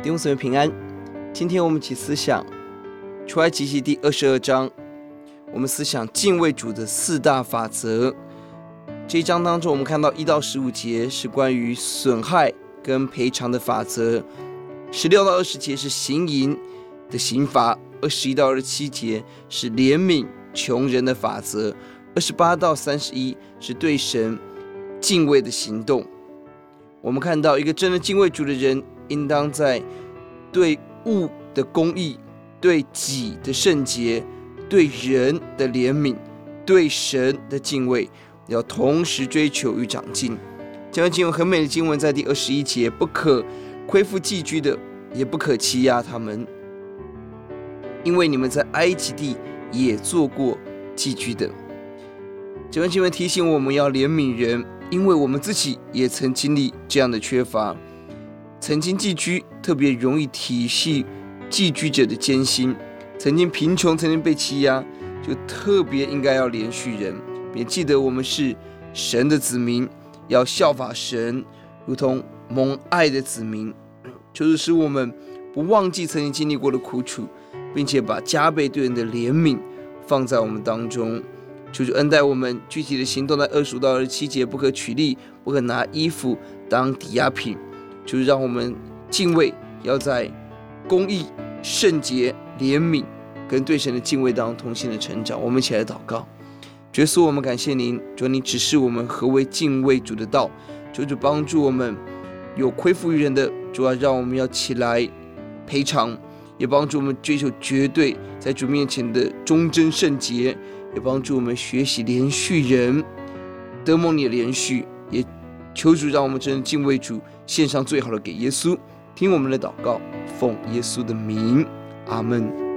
弟兄姊妹平安，今天我們一起思想，出埃及記第二十二章，我們思想敬畏主的四大法則。這一章當中，我們看到一到十五節是關於損害跟賠償的法則；十六到二十節是行淫的刑罰；二十一到二十七節是憐憫窮人的法則；二十八到三十一是對神敬畏的行動。我們看到一個真的敬畏主的人。應當在對物的公義、對己的聖潔、對人的憐憫、對神的敬畏，要同時追求與長進。這段經文很美的經文，在第二十一節，不可虧負寄居的，也不可欺壓他們，因為你們在埃及地也做過寄居的。這段經文提醒我們要憐憫人，因為我們自己也曾經歷這樣的缺乏。曾經寄居，特別容易體恤寄居者的艱辛；曾經貧窮，曾經被欺壓，就特別應該要憐恤人，也記得我們是神的子民，要效法神，如同蒙愛的子民。求主使我們不忘記曾經經歷過的苦楚，並且把加倍對人的憐憫放在我們當中。求主恩待我們。具體的行動在二十五到二十七節：不可取利，不可拿衣服當抵押品。就是讓我們敬畏，要在公義、聖潔、憐憫跟對神的敬畏當中同心的成長。我們一起來禱告，主所我們感謝您，求您指示我們何為敬畏主的道，求主，主幫助我們有虧負於人的，主要、啊、讓我們要起來賠償，也幫助我們追求絕對在主面前的忠貞聖潔，也幫助我們學習憐憫人得蒙你的憐憫，也。求主讓我們真正敬畏主，獻上最好的給耶穌。聽我們的禱告，奉耶穌的名，阿門。